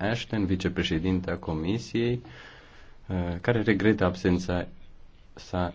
Ashton, vicepreședinta Comisiei, uh, care regretă absența sa